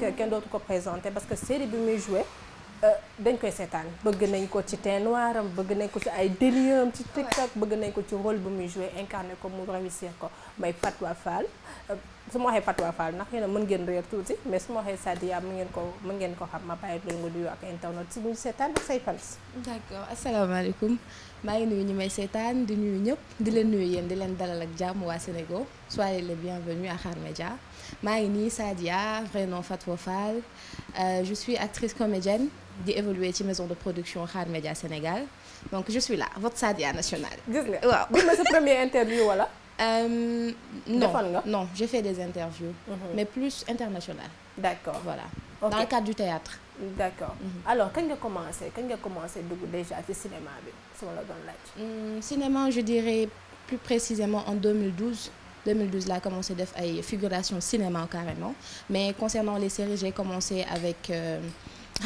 nag kenn dootu ko présenté parce que série bi muy joué euh, dañ koy seetaan bëgg nañ ko ci teint noir am bëgg nañ ko ci ay délire ci TikTok bëgg nañ ko ci rôle bu muy joué incarné ko mu réussir ko may Fatwa Fall euh, su ma waxee Fatwa Fall ndax yéen a mën ngeen réer tuuti mais su ma waxee Sadia mën ngeen ko mën ngeen ko xam ma bàyyi loolu nga nuyu ak internet si ñu seetaan ak say fans. d'accord asalaamaaleykum maa ngi nuyu ñi may seetaan di nuyu ñëpp di leen nuyu yéen di leen dalal ak jàmm waa Sénégal soyez les bienvenus à Khar Média maa ngi nii Sadia Renom Fatwa Fall euh, je suis actrice comédienne di évoluer ci maison de production Khar Média Sénégal donc je suis là votre Sadia nationale. gis nga waaw gis interview wala. Euh, non j'ai fait des interviews. Mm -hmm. mais plus internationales. dans le cadre du théâtre. d'accord mhm. alors kañ nga commencé kañ nga commencé dugg déjà ci cinéma bi sama la doon laaj. Hmm, cinéma je dirais plus précisément en 2012 laa commencé def ay figuration cinéma carrément mais concernant les séries j'ai commencé avec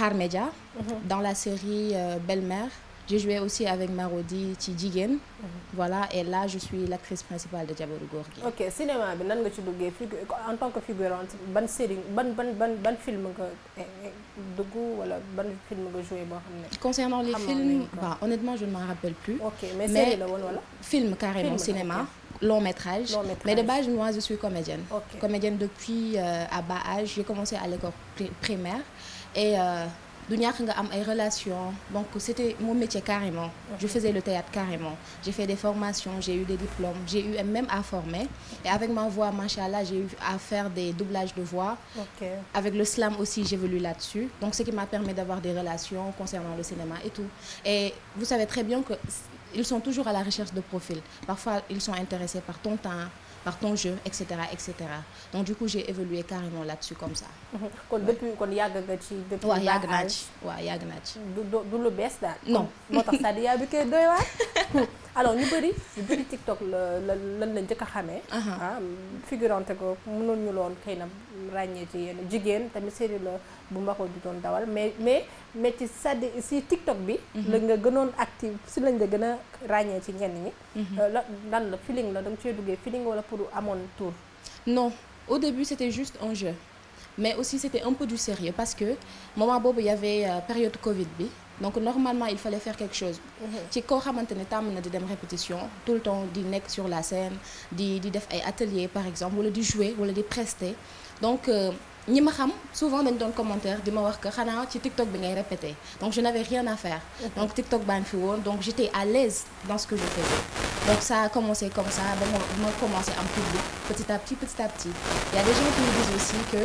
Har euh, Media mhm. dans la série euh, Belle-Mère j'ai joué aussi avec Marodi ci Jigéen. Mhm. voilà et là je suis l'actrice principale de Jabaru Góor gi. cinéma bi nan nga ci duggee en tant que figurante ban série ban ban ban ban film nga eh, eh, dugg wala ban film boo xam ne. concernant les films bah, honnêtement je ne rappelle plus. mais film carrément cinéma. long métrage. long métrage. Mais de base, moi, je suis comédienne. Okay. Comédienne depuis euh, à bas âge. J'ai commencé à l'école primaire. Et euh, du ñàkk nga am ay relations donc c'était mon métier carrément je faisais le théâtre carrément j'ai fait des formations j'ai eu des diplômes j'ai eu même à former et avec ma voix machallah j'ai eu à faire des doublages de voix okay. avec le slam aussi j'évolue là-dessus donc ce qui m'a permis d'avoir des relations concernant le cinéma et tout et vous savez très bien que ils sont toujours à la recherche de profils. Parfois, ils sont intéressés par ton temps, par ton jeu, etc. etc. Donc, du coup, j'ai évolué carrément là-dessus comme ça. Mhm. depuis qu'on y a depuis ouais, yag match, ouais, yag match. D'où le best là. Non. Moi, t'as dit, il y a alors ñu bëri ñu bëri TikTok la la lan la jëkk a xamee. ah figurante ko mënoon ñu loon xëy na ràññee ci yenn jigéen tamit série la bu Mbako di doon dawal mais mais mais ci sàdd si TikTok bi. Mhm. la nga gënoon active si lañ nga gën a ràññee ci ñenn ñi. Mhm. Euh, la lan la feeling la da nga cee duggee feeling wala pour amoon tour non au début c'était juste un jeu. mais aussi c'était un peu du sérieux parce que moment boobu y avait euh, période Covid bi donc normalement il fallait faire quelque chose mhm. ci koo xamante ne tàmm na di dem répétition tout le temps di nekk sur la scène di di def ay atelier par exemple wala di jouer wala di prester donc euh, ñi ma xam souvent dañ doon commentaire di ma wax que xanaa ci TikTok bi ngay répété donc je n'avais rien à faire donc TikTok baa fi woon donc j'étais à l'aise dans ce que je faisais donc ça a commencé comme ça ba ma commencé am public petit à petit petit à petit y a des gens qui me disent aussi que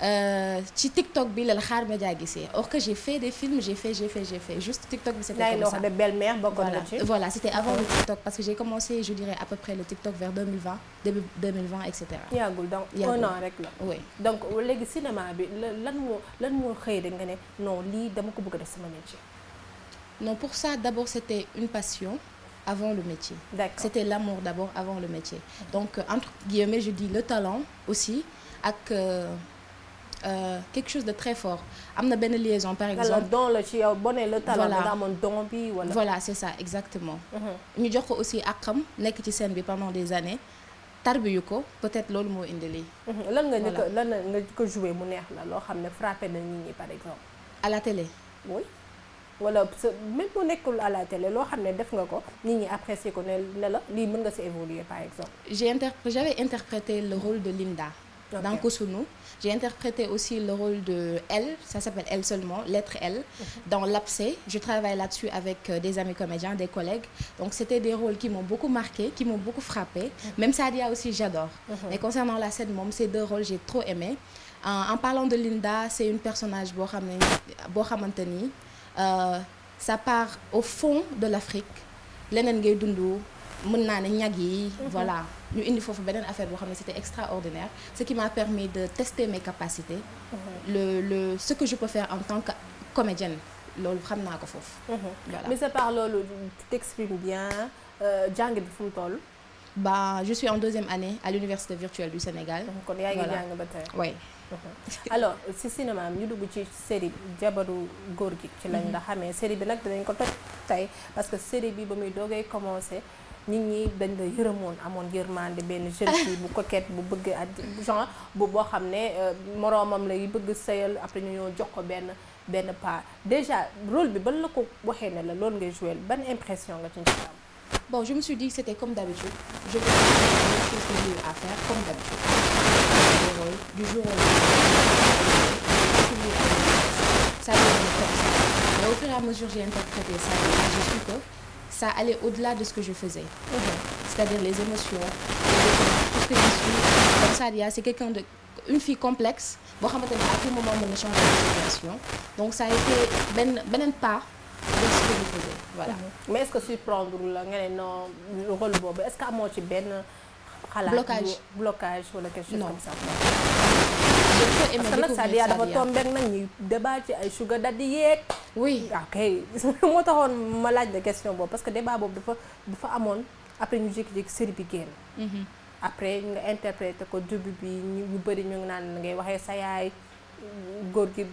Euh, ci TikTok bi la la xaar média gisee or que j'ai fait des films j'ai fait j'ai fait j'ai fait juste TikTok bi c'était comme ça de belle-mère voilà voilà c'était avant le TikTok parce que j'ai commencé je dirais à peu près le TikTok vers 2020 début 2020 et cetera. yàggul donc un an rek la. oui donc léegi cinéma bi lan moo lan moo xëy rek nga ne non lii dama ko bëgg a def sama métier. non pour ça d'abord c'était une passion. avant le métier. D'accord. C'était l'amour d'abord avant le métier. Donc entre guillemets, je dis le talent aussi ak euh, euh, quelque chose de très fort am na benn liaison par exemple don la ci yow boo nee la talent nga amoon don bi wala voilà c'est ça exactement mhm. ñu jox ko aussi ak xam nekk ci scène bi pendant des années tarbiyu ko peut-être loolu moo indi lii mhm. lan nga ñu ko lan nga ko joué mu neex la loo xam ne frappé na nit ñi par exemple à la télé oui wala même bu nekkul à la télé loo xam ne def nga ko nit ñi apprécier ko ne ne la lii mën nga si évoluer par exemple j'ai inter j'avais interprété le rôle de Linda okay. dans Kosunu. J'ai interprété aussi le rôle de L, ça s'appelle L seulement, lettre L, mhm. dans L'Abcès. Je travaille là-dessus avec euh, des amis comédiens, des collègues. Donc c'était des rôles qui m'ont beaucoup marqué, qui m'ont beaucoup frappé. Mm -hmm. Même aussi, j'adore. Mais mhm. concernant la scène moom, ces deux rôles, j'ai trop aimé. En, en, parlant de Linda, c'est une personnage boo xam ne boo xamante ni euh, ça part au fond de l'Afrique leneen ngay dund mën naa ne ñag yi mhm. voilà ñu indi foofu beneen affaire boo xam ne c'était extraordinaire ce qui m'a permis de tester mes capacités mhm. le ce que je peux faire en tant que comédienne loolu xam naa ko foofu mhm. voilà mais à part loolu tu t'exprimes bien euh, jàng bi fu mu toll ba je suis en deuxième année à l'université virtuelle du Sénégal mhm, kon yaa ngi jàng ba tey alors si cinéma am ñu dugg ci série jabaru góor gi ci lañ la xamee série bi nag dinañ ko toj tey parce que série bi ba muy doogay commencé nit ñi dañ la yërëmoon amoon yërmande benn jeune bu coquette bu bëgg ak genre bu boo xam ne euh, moroomam lay bëgg sëyal après ñu ñoo jox ko benn benn pas déjà rôle bi ban la ko waxee ne la loolu ngay joué ban impression nga ci njëkk am bon je me suis dit que comme d'habitude je voulais même chose que j'ai eu à ça allait au-delà de ce que je faisais. Okay. Mhm. C'est-à-dire les émotions, tout que je suis. Comme Sadia, c'est quelqu'un de une fille complexe. Bon, à tout moment, on change de situation. Donc, ça été ben, ben de ce que je faisais. Voilà. Mm -hmm. Mais est-ce que surprendre le rôle Est-ce qu'il y a un blocage Blocage ou quelque chose non. comme ça dañ ko aimé nag Sadia dafa tombé nag ñuy débat ci ay sugar daddy yeeg. oui ok moo taxoon ma laaj la question boobu parce que débat boobu dafa dafa amoon après ñu jékki-jékki série bi génn. Mhm. après nga interprété ko début bi ñu bëri ñu ngi naan ngay waxee sa yaay. góor gi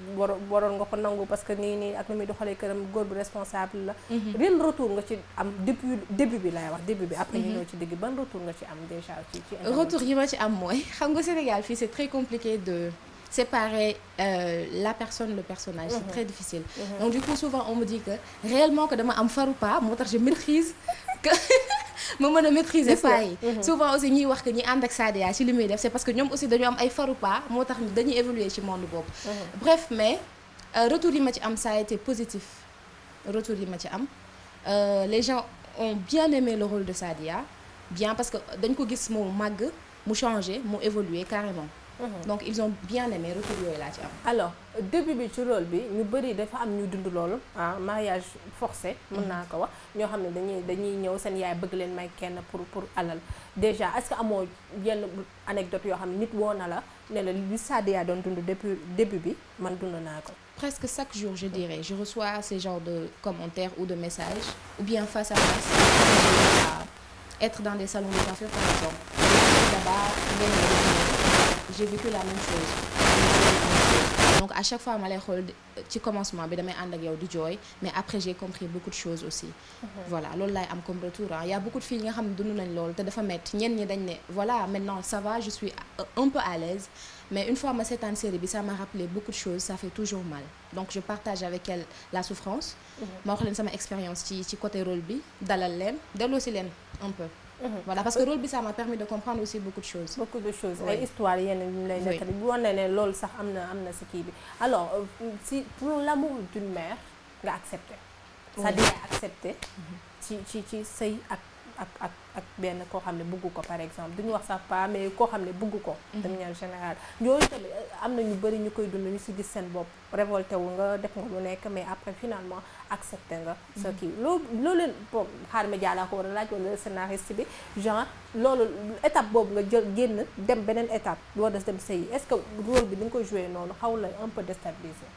waroon nga ko nangu parce que nii nii ak nu muy doxalee këram góor bu responsable la ren mhm. retour nga ci am depuis bi wax début bi après ñu mhm. ñëw ci ban retour nga ci am déjà ci ci retour yi ma ci am mooy xam nga Sénégal fii c'est très compliqué de séparer euh, la personne le personnage c'est mhm. très difficile donc du coup souvent on me dit que réellement que dama am faru pas moo tax je maîtrise que ma mën a maîtriser pas yi mhm. souvent aussi ñuy wax que ñi ànd ak Sadia ci li muy def c'est parce que ñoom aussi dañu am ay faru pas moo tax dañuy évoluer ci monde boobu mhm. bref mais euh, retour yi ma ci am ça a été positif retour yi ma ci am euh, les gens ont bien aimé le rôle de Sadia bien parce que dañ ko gis mu màgg mu changer mu évoluer carrément Mhm. donc ils ont bien aimé retour yooyu laa ci am. alo début bi ci rôle bi ñu bëri dafa am ñu dund loolu ah mariage forcé mun mhm. naa ko wax ñoo xam ne dañuy dañuy ñëw seen yaay bëgg leen may kenn pour pour alal déjà est-ce que amoo yenn anecdote yoo xam ne nit woo na la ne la li Sadia doon dund depuis début bi man dund naa ko. presque chaque jour je dirais je reçois ce genre de commentaires ou de message ou bien face à face être dans des salons de coiffure par exemple j'ai vécu la même chose donc à chaque fois ma lay xool ci commencement bi damay ànd ak yow di jooy mais après j'ai compris beaucoup de choses aussi mhm. voilà loolu laay am comme retour il y a beaucoup de filles nga xam ne dund nañ loolu te dafa métti ñenn ñi dañ ne voilà maintenant ça va suis un peu à mais une fois ma seetaan série bi ça m'a rappelé beaucoup de choses ça fait toujours mal donc je partage avec elle la souffrance mhm. ma wax leen sama expérience côté rôle bi dalal leen delloo si leen un Mhm. voilà parce que rôle bi ça m'a permis de comprendre aussi beaucoup de choses. beaucoup de choses ay histoire yenn ñu lay nettali bu wane ne loolu sax am na am na si kii bi alors euh, si pour l'amour d'une mère nga accepté. c'est-à-dire accepté mhm. ci ci ci ak. ak ak ak benn koo xam ne bëgg ko par exemple ñu wax sa pas mais koo xam ne bëgg ko mhm. de manière générale yooyu tamit euh, am na ñu bëri ñu koy dund ñu si gis seen bopp révolté wu nga def nga lu nekk mais après finalement accepté nga sa mhm. kii loolu loolu leen xaar ma jàllaa ko war a laaj wala scénariste bi genre loolu étape boobu nga jël génn dem beneen étape boo des dem sëy est-ce que rôle bi ni nga ko joué noonu xaw la un peu déstabilisé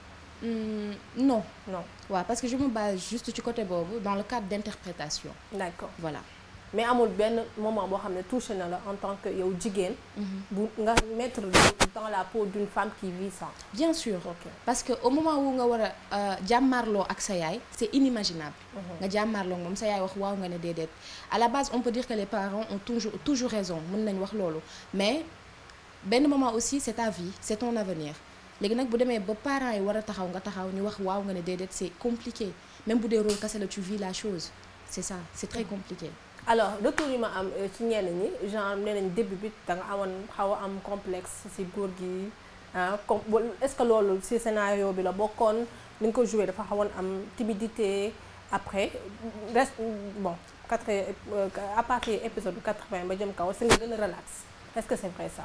Mmh, non. Non. Ouais, parce que je me base juste du côté boobu dans le cadre d'interprétation. D'accord. Voilà. mais amul benn moment boo xam ne touché na la en tant que yow jigéen. Mhm. bu nga mettre dans la peau d'une femme qui vit ça. bien sûr parce que au moment wu nga war a euh, jàmmaarloo ak sa yaay c'est inimaginable. Mhm. nga jàmmaarloo moom sa yaay wax waaw nga ne déedéet à la base on peut dire que les parents ont toujours raison mën nañ wax loolu mais benn moment aussi c'est à vie c'est ton avenir léegi nag bu demee ba parents yi war a taxaw nga taxaw ñu wax waaw ne déedéet c'est compliqué même bu dee rôle la chose c'est ça c'est très mhm. alors retour yu ma am euh, ci ñenn ñi genre nee nañ début bit da nga xaw a am complexe si góor gi ah comme est-ce que loolu si scénario bi la bokkoon ni nga ko joué dafa xawoon am timidité après reste bon quatre euh, à partir épisode 80 ba jëm kaw si nga gën a relax est-ce que c'est vrai ça.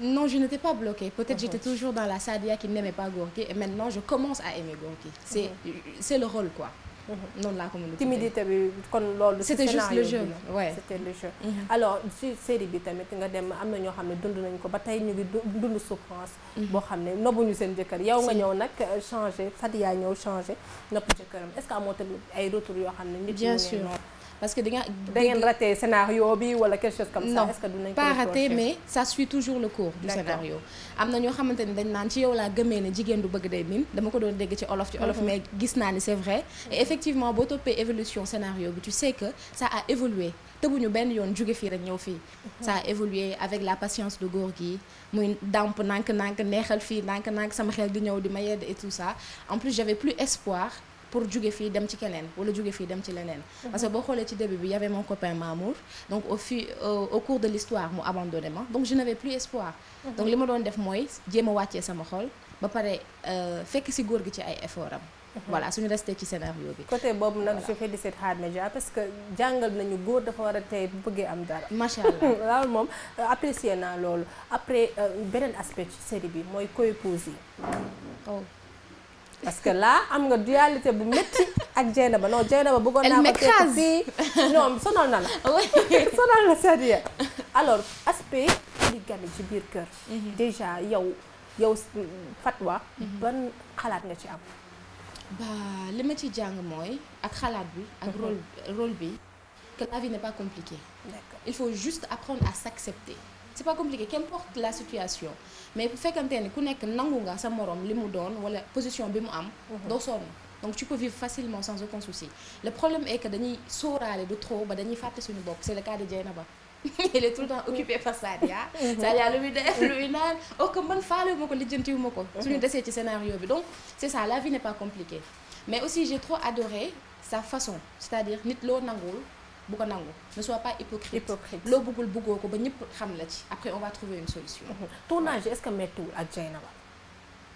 non je n'étais pas bloquée peut-être j'étais mhm. toujours dans la Sadia qui n'aimait pas Gorgui et maintenant je commence à aimer Gorgui mhm. c'est le rôle quoi. Mhm. noonu laa ko mën a bi kon loolu. c'était juste le jeu ouais. te le jeu. Mhm. alors ci série bi tamit nga dem am na ñoo xam ne dund nañ ko ba tey ñu ngi dund souffrance. Mhm. boo xam ne nobbuñu seen jëkkër yow nga ñëw nag euh, changé Fatia ñëw changé nopp jëkkëram est-ce que amoo tamit ay retours yoo xam ne. bien sûr nit parce que da nga da ngeen raté scénario bi wala quelque mais ça toujours le cours du scénario. am na ñoo xamante ni dañ naan ci yow laa gëmee ne jigéen du bëgg day mim dama ko doon dégg ci olof ci olof mhm. mais gis naa ni c'est vrai. et mhm. effectivement boo toppee évolution scénario bi tu sais que ça a évolué tëbuñu benn yoon jóge fii rek ñëw fii. sa mhm. a évolué avec la patience de góor gi muy damp nank nank neexal fii nank nank sama xel di ñëw di ma yedd et tout pour jóge fii dem ci keneen wala jóge fii dem ci leneen mhm. parce que boo xoolee ci début bi y avait mon copain donc au fil euh, au cours de l'histoire mu abandonné ma donc je n'avais plus espoir mhm. donc li ma doon def mooy jéem a wàccee sama xol ba pare euh, fekk si góor gi ci ay effort am mhm. voilà suñu resté ci scénario bi. côté boobu nag je félicite Hade Dia parce que jàngal nañu góor dafa war a tey bu bëggee am dara. macha allah loolu moom euh, apprécier naa loolu après beneen aspect ci série bi mooy coépouse yi. Oh. parce que laa am nga dualité bu métti ak Dieynaba non Dieynaba bëggoon naa ko teg fii non na la sonal na sérieux alors aspect polygamie ci biir kër mhm. déjà yow yow Fatwa mhm. ban xalaat nga ci am ba li ma ci jàng mooy ak xalaat bi ak mhm. rôle bi que la vie n'est pas compliquée il faut juste apprendre à s'accepter c'est pas compliqué qu'importe la situation mais bu fekkante ni ku nekk nangu nga sa morom li mu doon wala position bi mu am mhm. doo sonn donc tu peux vivre facilement sans aucun souci le problème est que dañuy sóoraale du trop ba dañuy fàtte suñu bopp c'est le cas de Dieynaba il est tout le temps occupé par Sadia mhm. Sadia lu muy def lu muy naan or oh, que man faalewu ko lijjantiwu ko mhm. suñu desee ci scénario bi donc c'est ça la vie n'est pas compliquée mais aussi j'ai trop façon nit loo nangul bu ko nangu ne sois pas hypocrite hypocrite loo bëggul bëggoo ko ba ñëpp xam la ci après on va trouver une solution mm-hmm. tournage est-ce que méttiwul ak Dieynaba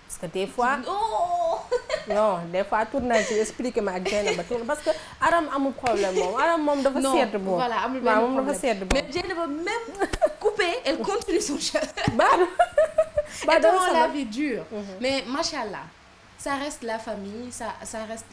parce que des fois non des fois tournage yi expliqué ma ak Dieynaba parce que Aram amul problème moom Aram moom dafa sedd moom voilà amul benn problème moom dafa sedd moom mais Dieynaba même coupée elle continue son jeu baa baa dara sama la vie dure mm-hmm. mais machallah ça reste la famille ça ça reste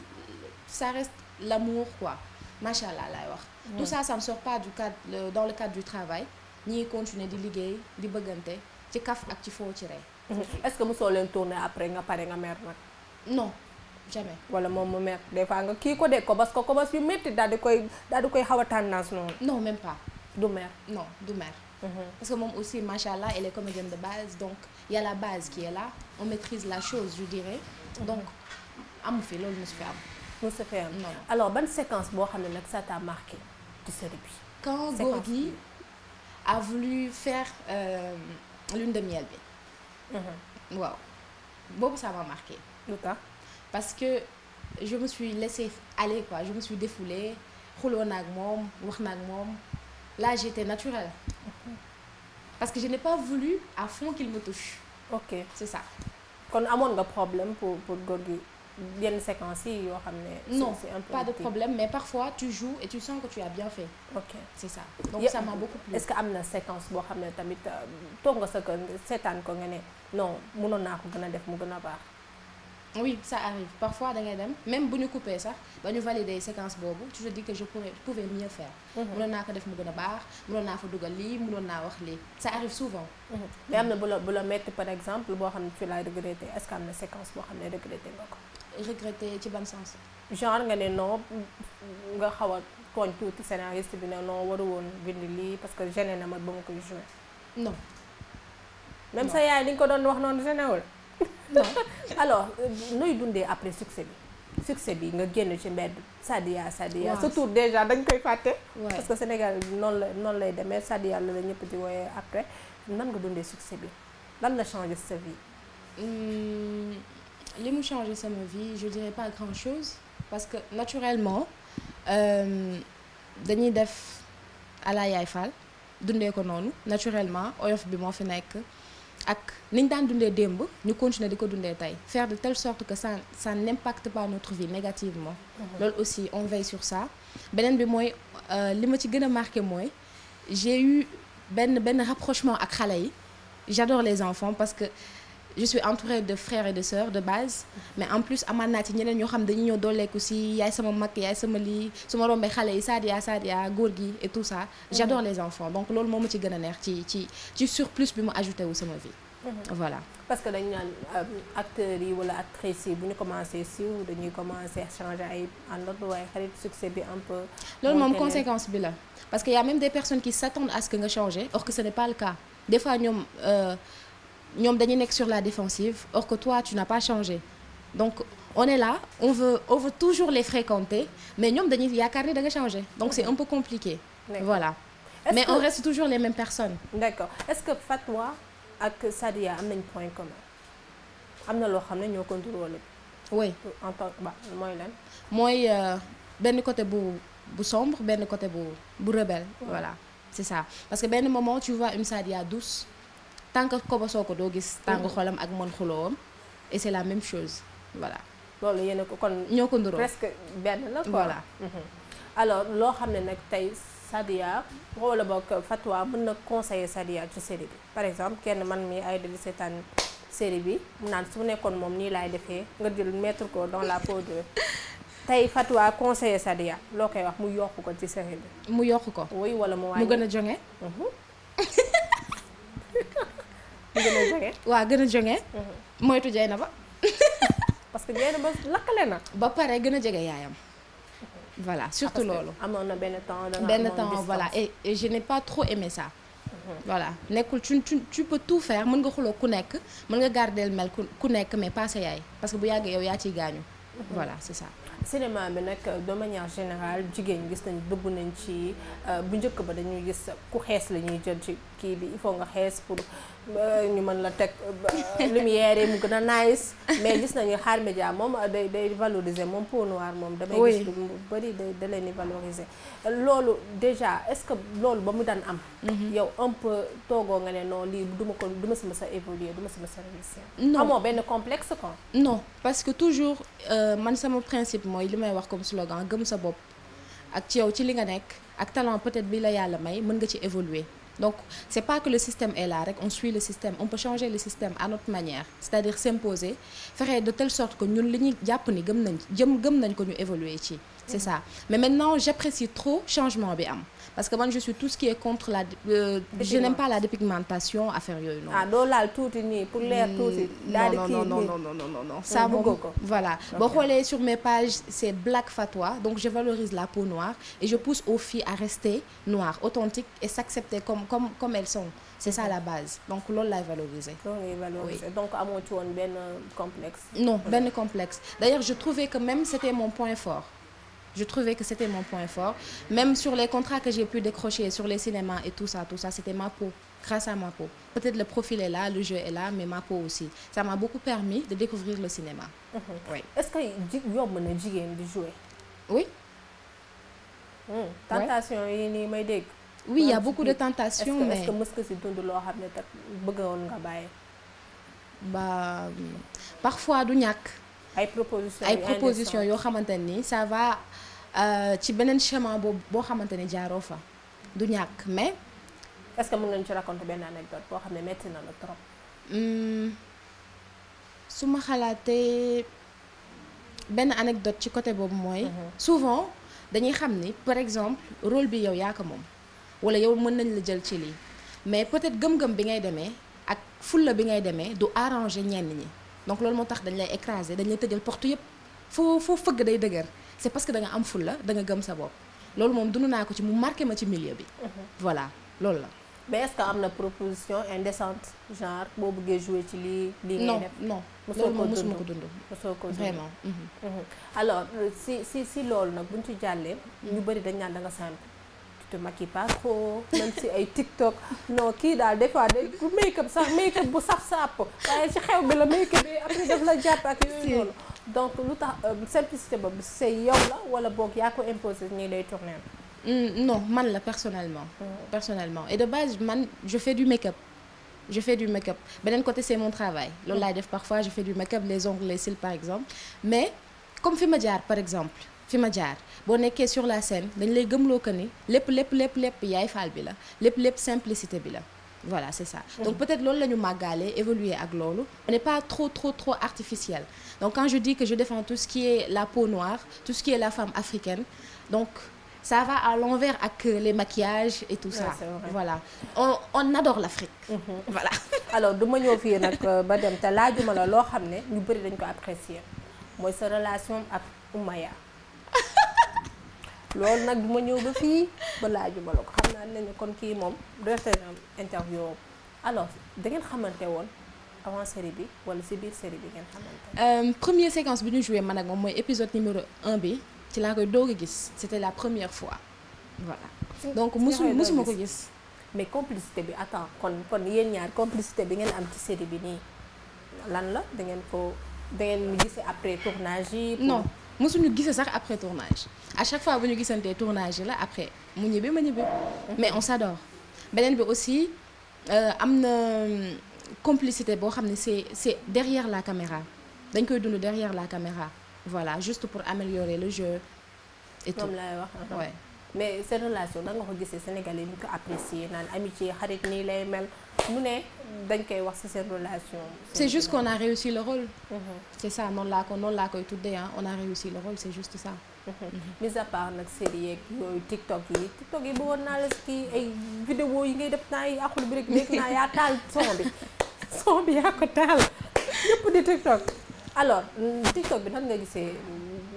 ça reste l'amour quoi machallah laay wax tout ça ça ne sort pas du cadre dans le cadre du travail ñi continuer di liggéey di bëggante ci kaf ak ci foo ci rey. Mhm. est-ce que mosoo leen tourner après nga pare nga mer nag. no jamais. wala moom mu mer des fois nga kii ko de ko parce que ko bas yu métti daal di koy daal di koy xaw a tendance noonu. non même pas. du mer no du mer. Mhm. parce que moom aussi macha allah elle est comédienne de base donc y a base qui est là on maîtrise la chose je dirais donc amu fi loolu mosu fi am. mosu alors ban séquence boo xam ne nag ça tapisserie bi. quand Gorgui a voulu faire euh, lune de miel bi. Uh-huh. waaw boobu ça m'a marqué. pourquoi parce que je me suis laissée aller je me suis défoulée xuloo na ak moom wax na ak moom là j'étais naturelle. Uh-huh. que je n'ai pas voulu à fond me touche. ok c'est ça. kon amoon nga problème pour pour Gorgui. yenn séquences yi yoo xam ne. non pas de problème mais parfois tu joues et tu sens que tu as bien fait. ok c'est ça donc ça m'a beaucoup plu. est am na séquence boo xam ne tamit euh, toog nga sa kër seetaan ko nga ne non mënoon naa ko gën a def mu gën a baax. oui ça arrive parfois da ngay dem même bu ñu coupé sax ba ñu valider séquence boobu tu te dis que je pourrais je pouvais mieux faire. mënoon mhm. naa ko def mu gën a baax mënoon naa fa dugal lii mënoon naa wax lii ça arrive souvent. Mhm. mais am na bu la bu par exemple boo xam ne tu l'as regretté est am na séquence boo xam ne regretté nga ko. regretter ci ban sens. genre nga ne non nga xaw a tooñ tuuti scénariste bi ne non waru woon bind lii parce que gêné na ma ba ma koy sa yaay li nga ko doon wax noonu gêné wul. non alors euh, nuy dundee après succès bi. succès bi nga génn ci mbedd Sadia Sadia sa tour déjà dañ koy fàtte parce que noonu la noonu lay demee Sadia la la ñëpp di wooyee après nan nga dundee succès bi lan la changé sa vie hmm. li mu changé sama vie je dirais pas grand chose parce que naturellement euh, dañuy def ala yaay faal dundee ko noonu naturellement oyof bi moo fi nekk ak niñ daan dundee démb ñu continuer di ko dundee tey faire de telle sorte que ça ça n'impacte pas notre vie négativement mhm. lool aussi on veille sur ça beneen bi mooy euh, li ma ci gën a marqué mooy j'ai eu benn benn rapprochement ak xale yi j'adore les enfants parce que je suis entourée de frères et de sœurs de base mais en plus amaat naa ci ñeneen ñoo xam dañu ñëw dooleeku si yaay sama mag yaay sama lii su ma rombee xale yi Sadia Sadia góor gi et tout ça j'adore les enfants donc loolu moo ma ci gën a neex ci ci ci surplus bi mu ajouté wu sama vie mm-hmm. voilà parce que dañu naan euh, acteurs yi wala actrices yi bu ñu commencé siiw dañuy commencé changer ay àndandoo waaye xarit bi un peu. loolu moom conséquence bi la parce que y a même des personnes qui s'attendent à ñoom dañuy nekk sur la défensive or que toi tu n'as pas changé donc on est là on veut on veut toujours les fréquenter mais ñoom dañuy yaakaar ni da nga changé donc c'est un peu compliqué voilà mais on reste toujours les mêmes personnes d'accord est-ce que Fatwa ak Sadia am nañ point commun am na loo xam ne ñoo ko nduróole oui en tant que ba mooy lan mooy euh, benn côté bu bu sombre benn côté bu bu rebelle voilà c'est ça parce que benn moment tu vois une Sadia douce tant que kobosoo ko doo gis tàng mm-hmm. xolam ak mën xuloowam et c'est la même chose voilà loolu yéen ko kon ñoo ko nduróo presque benn la quoi voilà mm-hmm. alors loo xam ne nag tey Sadia wala boo Fatwa mën na conseiller Sadia ci série bi par exemple kenn man mi ay dali seetaan série bi mu naan su nekkoon moom nii laay defee nga jël mettre ko dans la peau tey Fatwa conseiller Sadia loo koy wax mu yokk ko ci série bi mu yokk ko oui wala mu wàññi mu gën a jonge mm-hmm. waa gën a jóge mhm. moytu jey na ba parce que jey na ba lakkale na ba pare gën a jege yaayam mhm. voilà ah, surtout loolu amoon na benn temps benn temps voilà et, et je n'ai pas trop aimé ça mhm. voilà nekkul tu tu tu tout faire mën nga xuloo ku nekk mën nga gardeel mel ku nekk mais pas yaay parce que bu yàggee yow yaa ciy gaañu voilà c'est ça cinéma bi nag de manière générale jigéen gis nañ dugg nañ ci euh, bu njëkk ba dañuy gis ku xees la ñuy jël ci kii bi il faut nga xees pour ba ñu mën la teg euh, lumière yi mu gën a nice mais gis nañu xaar média moom day day valoriser moom peau noire moom damay gis lu bëri day da leen di valoriser loolu déjà est-ce que loolu ba mu daan am mhm. yow un peu toogoo nga ne non lii du ma ko du ma si mës a évoluer du ma si mës a réussir non amoo benn complexe quoi non parce que toujours euh, man sama principe mooy li may wax comme slogan gëm sa bopp ak ci yow ci li nga nekk ak talent peut-être bi la yàlla may mën nga ci évoluer donc c'est pas que le système est là rek on suit le système on peut changer le système à notre manière c'est-à-dire s'imposer fexe de telle sorte que ñun li ñuy jàpp ni gëm nañ jëm gëm nañ ko ñu évoluer ci c'est ça mais maintenant j'apprécie trop changement bi am parce que man je suis tout ce qui est contre la euh, je n'aime pas la dépigmentation affaire yooyu noonu. ah doo laal tuuti nii pour leer hmm, tuuti. daal di kii non non non non non non. ça moom voilà boo okay. xoolee sur mes pages c'est Black Fatwa donc je valorise la peau noire et je pousse aux filles à rester noires authentiques et s'accepter comme comme comme elles sont. c'est ça la base donc loolu laay valoriser. loolu valoriser oui. donc amoo ci woon benn complexe. non benn complexe d'ailleurs je trouvais que même c'était mon point fort. Je trouvais que c'était mon point fort. Même sur les contrats que j'ai pu décrocher, sur les cinémas et tout ça, tout ça, c'était ma peau, grâce à ma peau. Peut-être le profil est là, le jeu est là, mais ma peau aussi. Ça m'a beaucoup permis de découvrir le cinéma. Mm -hmm. oui. Est-ce que tu de jouer Oui. Mmh. Tentation, ouais. Oui, il y a beaucoup de tentations. Est-ce que, mais... est-ce que mosquée c'est tout de l'or Bah, hmm, parfois, du ay propositions ay propositions yoo xamante ni ça va euh, ci beneen chemin boobu boo xamante ni jaaroo fa du ñàkk mais. est que mën nga ñu ci raconter benn anecdote boo xam ne metti na la trop. Hmm, su ma xalaatee benn anecdote ci côté boobu mooy. Mhm. souvent dañuy xam ni par exemple rôle bi yow yaa ko moom wala yow mën nañ la jël ci lii mais peut-être gëm-gëm bi ngay demee ak fulla bi ngay demee du arranger ñenn ñi. donc loolu moo tax dañ lay écraser dañ lay tëjal porte yëpp foo foo fëgg day dëgër c'est parce que danga am fulla da nga gëm sa bopp loolu moom dund naa ko ci mu marqué ma ci milieu bi mhm. voilà loolu la mais est am na proposition indécente genre boo bëggee jouer ci lii lii ngay def non non loolu moom mosuma ko dund mosoo ko dund vraiment mhm. Mhm. alors euh, si si si loolu nag buñ ci jàllee ñu bëri dañ naan da nga simple te maki pas trop même si ay TikTok non kii daal des fois day make up sax make up bu saf sàpp waaye ci xew bi la make up après daf la jàpp ak yooyu noonu donc lu tax euh, simplicité boobu c'est yow la wala boog yaa ko imposé nii lay mm, non man la personnellement mm. personnellement et de base man je fais du make up je fais du make-up beneen côté c'est mon travail loolu mm. laay def parfois je fais du make les ongles les cils par exemple mais comme fi ma par exemple fi ma jaar boo nekkee sur la scène dañ lay gëmloo ko ni lépp lépp lépp lépp yaay faal bi la lépp lépp simplicité bi la voilà c'est ça mm-hmm. donc peut-être loolu la ñu màggaale évoluer ak loolu on n'est pas trop trop trop artificiel donc quand je dis que je défends tout ce qui est la peau noire tout ce qui est la femme africaine donc ça va à l'envers ak les maquillages et tout ça voilà on, on adore l'Afrique mm -hmm. voilà alors duma ñëw fii nag euh, ba dem te laajuma la loo xam ne ñu bëri dañ ko apprécier mooy sa relation ak Oumaya loolu nag ma ñëw ba fii ba laajuma la ko xam naa ne kon kii moom dootoo am interview alors dangeen ngeen xamante woon avant série bi wala si biir série bi ngeen xamante. Euh, première séquence bi ñu joué man ak moom mooy épisode numéro 1 bi ci laa koy doog a gis c'était la première fois voilà. donc musu musuma ko gis. mais complicité bi attends kon kon yéen ñaar complicité bi ngeen am ci série bi nii lan la da ngeen ko da ngeen gisee après tournage yi. mësuñu gisee sax après tournage à chaque fois bu ñu gisantee tournage yi la après mu ñibbi ma ñibbi mais on s'adore beneen bi aussi euh, am na euh, complicité boo xam ne c'est c'est derrière la caméra dañ koy dund derrière la caméra voilà juste pour améliorer le jeu et tout laay wax mais seen relation da nga ko gisee sénégalais ñu ko apprécier naan amitié xarit nii lay mel mu ne dañ koy wax ci seen relation. c'est juste qu'on a réussi le rôle. Mhm. c'est ça noonu laa ko noonu laa koy tuddee ah on a réussi le rôle c'est juste ça. Mhm. Mhm. mis à part nag série yeeg yooyu TikTok yi TikTok yi bëggoon naa la kii ay vidéo yi ngay def naa yi àqul bi rek nekk naa yaa taal son bi son bi yaa taal ñëpp di TikTok alors TikTok bi nan nga gisee.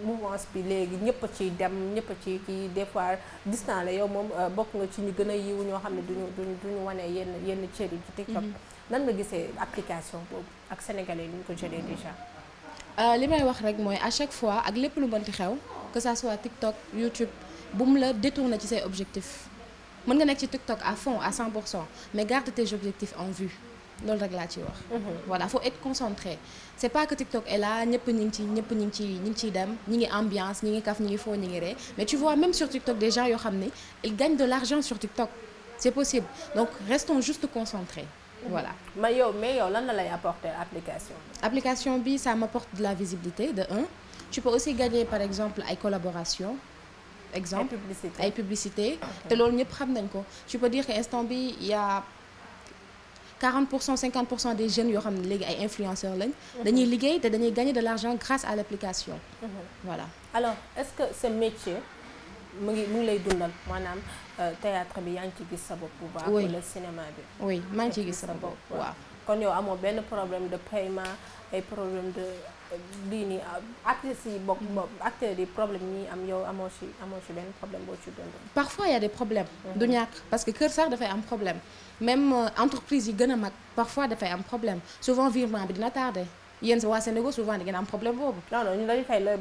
mouvance bi léegi ñëpp ciy dem ñëpp ci kii des fois gis naa la yow moom euh, bokk nga ci ñu gën a yiw ñoo xam ne duñu duñu duñu wane yenn yenn cër yi ci TikTok mm-hmm. nan nga gisee application boobu ak sénégalais yi ñu ko jëlee déjà euh, li may wax rek mooy à chaque fois ak lépp lu mënti xew que ça soit TikTok YouTube bu mu la détourné ci say objectifs mun nga nekk ci TikTok à fond à 100 pour cent mais garde tes objectifs en vue loolu rek laa ciy wax. Mhm. voilà faut être concentré c' est pas que ngi ci ñëpp ñi ngi ci ñi ngi ciy dem ñi ngi ambiance ñi ngi kaf ñi ngi foo ñi mais tu vois même sur TikTok des gens yoo xam ne ils gagnent de l' sur TikTok c' est possible donc restons juste concentrés. Mhm. voilà yow mais yow lan la lay apporter application application bi ça m'apporte de la visibilité de un tu peux aussi gagner par exemple ay collaboration exemple ay publicité te loolu ñëpp xam nañ ko tu peux dire que instant bi y 40 pour cent 50 pour cent des jeunes yoo xam ne léegi ay influenceurs lañ. Mhm. dañuy liggéey te dañuy gagner de l'argent grâce à l'application. Mmh. voilà alors est-ce que ce métier mu ngi mu lay dundal maanaam euh, théâtre bi yaa ngi ci gis sa bopp bu baax. wala cinéma bi. oui maa ngi ciy gis sa bopp waaw. kon yow amoo benn problème de paiement ay problème de euh, lii nii euh, actrices yi bokk acteurs yi problème yi am yow amoo ci amoo ci benn problème boo ci dund. parfois il y a des mhm. du ñàkk parce que kër sax dafay am problème. même euh, entreprise yi gën a mag parfois dafay am problème souvent virement bi dina tardé yéen waa Sénégal souvent da ngeen am problème boobu. non non ñun dañu fay la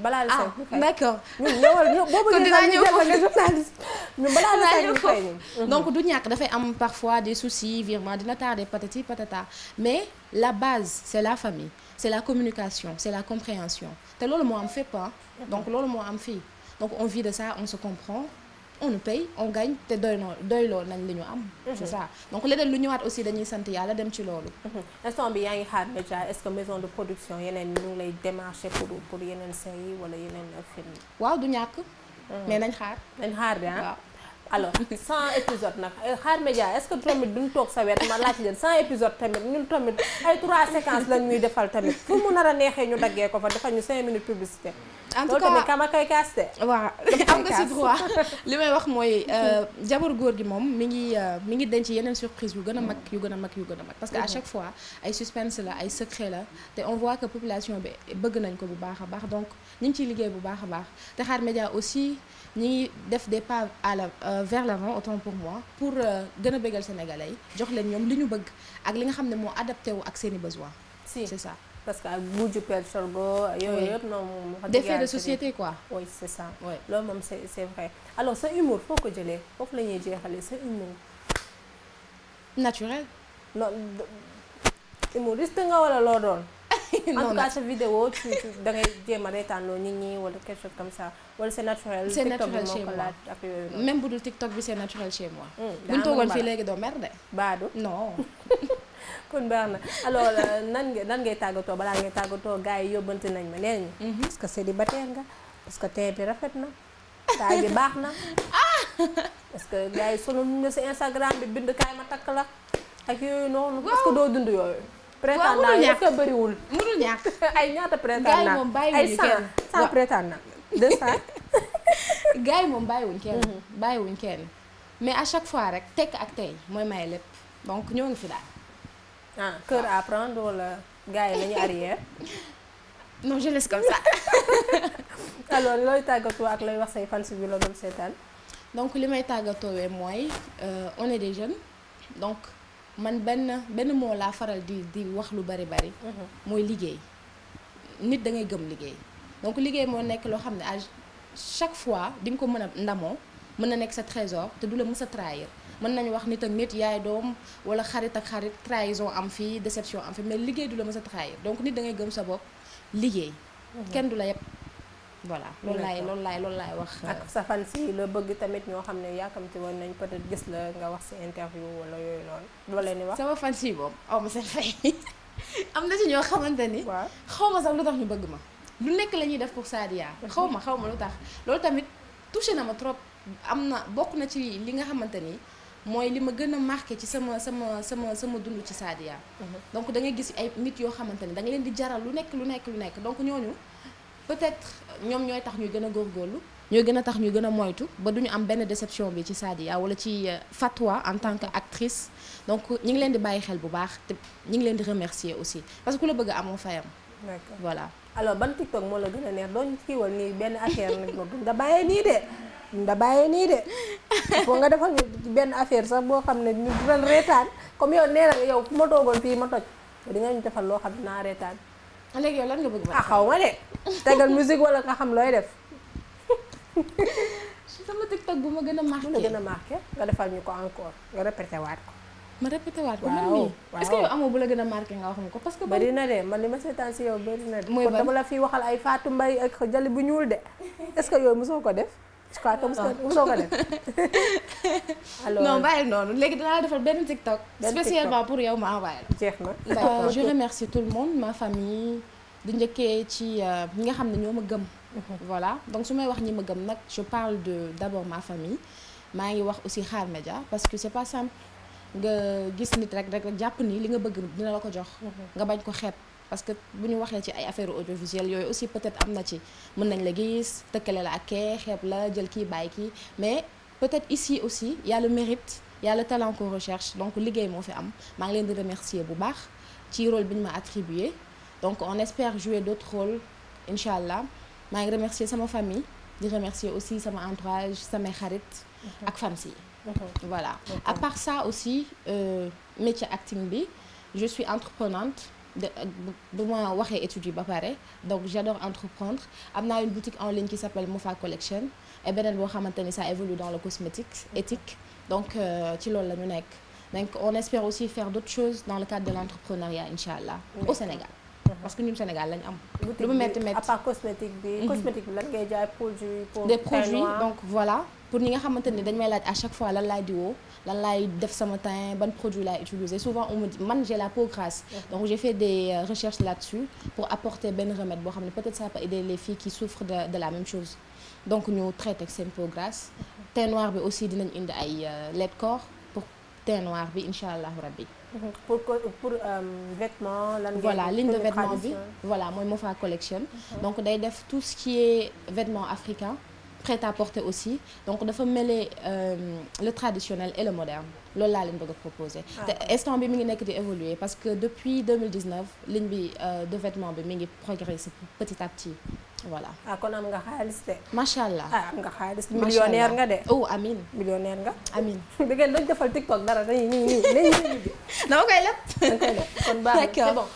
ah, du ñàkk dafay am parfois des soucis virement dina tardé patati patata mais la base c'est la famille c'est la communication c'est la compréhension te loolu moo am fépp donc loolu moo am fii donc on vit de ça on se comprend. on nous paye on gagne te doy noo nañ li ñu am. Mhm. donc leneen lu ñëwaat aussi dañuy sant yàlla dem ci loolu. Mhm. instant bi yaa ngi xaar média est-ce maison de production yeneen ñu ngi lay démarcher pour pour yeneen série wala yeneen film. waaw du ñàkk. Mhm. mais nañ xaar. nañ xaar de ah? waaw. alors 100 épisodes nag xaar euh, média est-ce que tamit duñ toog sa wet ma laaj leen 100 épisodes tamit ñun tamit ay 3 séquences lañ ñuy defal tamit fu mu nar a neexee ñu daggee ko fa defal ñu 5 minutes publicité. en tout cas loolu tamit kama kay kaste. waaw am nga ci droit li may wax mooy euh, jabar góor gi moom mi ngi euh, mi ngi denc yeneen surprise yu gën a mag yu gën a mag yu gën a mag. parce que à mhm. chaque fois ay suspense la ay secret la te on que population bi bëgg nañ ko bu baax a donc ñu ciy liggéey bu baax a baax te xaar média ñu ngi def des pas à la euh, vers l'avant autant pour moi pour euh, gën a bégal sénégalais yi jox leen ñoom li ñu bëgg ak li nga xam ne moo adapté wu ak seen i si c'est ça. parce que ak bu juppeel sorgho. yooyu yëpp noonu. de société quoi. oui c'est ça. oui loolu moom c'est c'est vrai alors sa humour foo ko jëlee foofu la ñuy jeexalee sa humour. naturel. non humoriste nga wala loo doon. en tout cas sa vidéo ci da ngay jéem a reetaanloo nit ñi wala quelque chose comme ça wala c'est naturel. c'est naturel chez moi euh, bu dul TikTok bi c'est naturel chez moi. Hmm, bu fii léegi doo mer de. baadu non. baax na alors euh, nan nga nan ngay tàggatoo balaa ngay tàggatoo gars yi yóbbante nañ ma nee nañu. Mhm. parce que célibataire parce que teint bi rafet na. taay baax na. Ah! parce que gars yi sonal si Instagram bi bind kaay ma takk la. ak yooyu noonu. parce que doo dund yooyu. prétendant est-ce que bëriwul. mënul ñàkk ay ñaata prétendant gars yi moom bàyyiwuñu kenn ay 100 yi moom bàyyiwuñ kenn. Mhm. bàyyiwuñ kenn mais à chaque fois rek tekk ak tey mooy may lépp donc ñoo ngi fi daal. ah cœur à prendre wala gars yi nañu arrière. non je laisse looy tàggatoo ak looy wax say fans bi la doon seetaan. donc li may tàggatoo mooy euh, on est des jeunes donc. man benn benn moo laa faral di di wax lu bari bari. Mhm. mooy liggéey nit da ngay gëm liggéey. donc liggéey moo nekk loo xam ne à chaque fois di nga ko mën a ndamoo mën na nekk sa trésor te du la mës a trahir mën nañu wax nit ak nit yaay doom wala xarit ak xarit trahison am fii déception am fii mais liggéey du la mës a trahir donc nit da ngay gëm sa bopp liggéey. Mhm. kenn du la yëpp. voilà loolu laay loolu laay loolu laay wax. ak euh, sa fan si la bëgg tamit ñoo xam ne yaakamti woon nañ peut-être gis la nga wax si interview wala yooyu noonu. loolu leen di wax sama fan si boobu aw ma seen fay am na si ñoo xamante ni. waaw xaw ma sax lu tax ñu bëgg ma. lu nekk la ñuy def pour Sadia. xaw ma xaw ma lu tax loolu tamit touché na ma trop am na bokk na ci li nga xamante ni. mooy li ma gën a marqué ci sama sama sama sama dund ci Sadia. Mhm. donc da ngay gis ay nit yoo xamante ni da leen di jaral lu nekk lu nekk lu nekk donc ñooñu. peut-être ñoom ñooy tax ñu gën a góor góorgóorlu ñooy gën a tax ñu gën a moytu ba du ñu am benn déception bi ci Sadia wala ci euh, Fatwa en tant que actrice donc ñi ngi leen di bàyyi xel bu baax te ñi ngi leen di remercier aussi parce que ku la bëgg a amoo fayam. d'accord voilà. alors ban TikTok moo la gën a neex doon kiiwal nii benn affaire nag nga bàyyee nii de nga bàyyee nii de foo nga defal benn affaire sax boo xam ne ñu doon reetaan comme yow nee na yow ku ma toogoon fii ma toj di nga ñu defal loo xam naa reetaan. léegi yow lan nga bëgg ma ah, xaw ma de tegal musique wala nga xam looy def. sama tiktok bu ma gën a marqué. bu ma gën a marqué nga defal ñu ko encore nga répété waat ko. ma répété waat ko man mii que yow amoo bu la gën a marqué nga wax ma ko parce de man li ma seetaan si yow bari de. dama la fi waxal ay Fatou Mbaye ak Jali bu ñuul de est-ce que yow mosoo ko def. je crois que mosoo ko noonu léegi danaa la defal benn TikTok. spécialement pour yow ma envoyé la. jeex na je remercie tout le monde ma famille. di njëkkee ci eh, ñi nga xam ne ñoo ma gëm. Mhm. voilà donc su may wax ñi ma gëm nag je parle de d'abord ma famille. maa ngi wax aussi Xaar Média parce que c'est pas simple nga gis nit rek rek jàpp nii li nga bëgg dina la ko jox. Mhm. nga bañ ko xeeb. parce que bu ñu waxee ci ay affaire audiovisuelle yooyu aussi peut-être am na ci mën nañ la gis tëkkale la ak kee xeeb la jël kii bàyyi kii mais peut-être ici aussi yàlla a le mérite y a talent qu'on recherche donc liggéey moo fi am maa ngi leen di remercier bu baax ci rôle bi ñu ma attribué donc on espère jouer d'autres rôles incha allah maa ngi remercier sama famille di remercier aussi sama entourage samay xarit ak fans yi voilà à part ça aussi euh, métier acting bi entreprenante Euh, bu ma waxee études ba pare donc j'adore entreprendre am naa une boutique en ligne qui s'appelle Mofa Collection et beneen boo xamante ni ça évolue dans le cosmétique éthique donc euh, ci loolu la nekk donc on espère aussi faire d'autres choses dans le cadre de l'entrepreneuriat incha allah au Sénégal uh-huh. parce que ñun Sénégal lañ am. lu mu métti métti à bi. Mm-hmm. cosmétique produits donc voilà. pour ñi nga xamante ni dañ may laaj à chaque fois lan laay diwoo lan laay def sama teint ban produit laay utiliser souvent on man j'ai la peau grasse donc j'ai fait des euh, recherches là-dessus pour apporter benn remède boo xam ne peut-être ça peut aider les filles qui souffrent de de la même chose donc ñu traité seen peau grasse teint noir bi aussi dinañ indi ay euh, lait de corps pour teint noir bi incha allahu rabbi mhm. pour pour euh, vêtement lan voilà ligne de vêtement bi voilà mooy Mofa collection mhm. donc day def tout ce qui est prêt-à-porter aussi donc dafa mêler euh, le traditionnel et le moderne loolu laa leen bëgg a proposer te instant bi mi ngi nekk di évoluer parce que depuis 2019 ligne de vêtement bi mi ngi progresser petit à petit voilà. ah kon nga xaalis de. allah ah nga xaalis. millionnaire nga de. oh amin millionnaire nga. amin da ngeen doon defal TikTok dara dañuy nii nii nii. koy leb. dama koy baax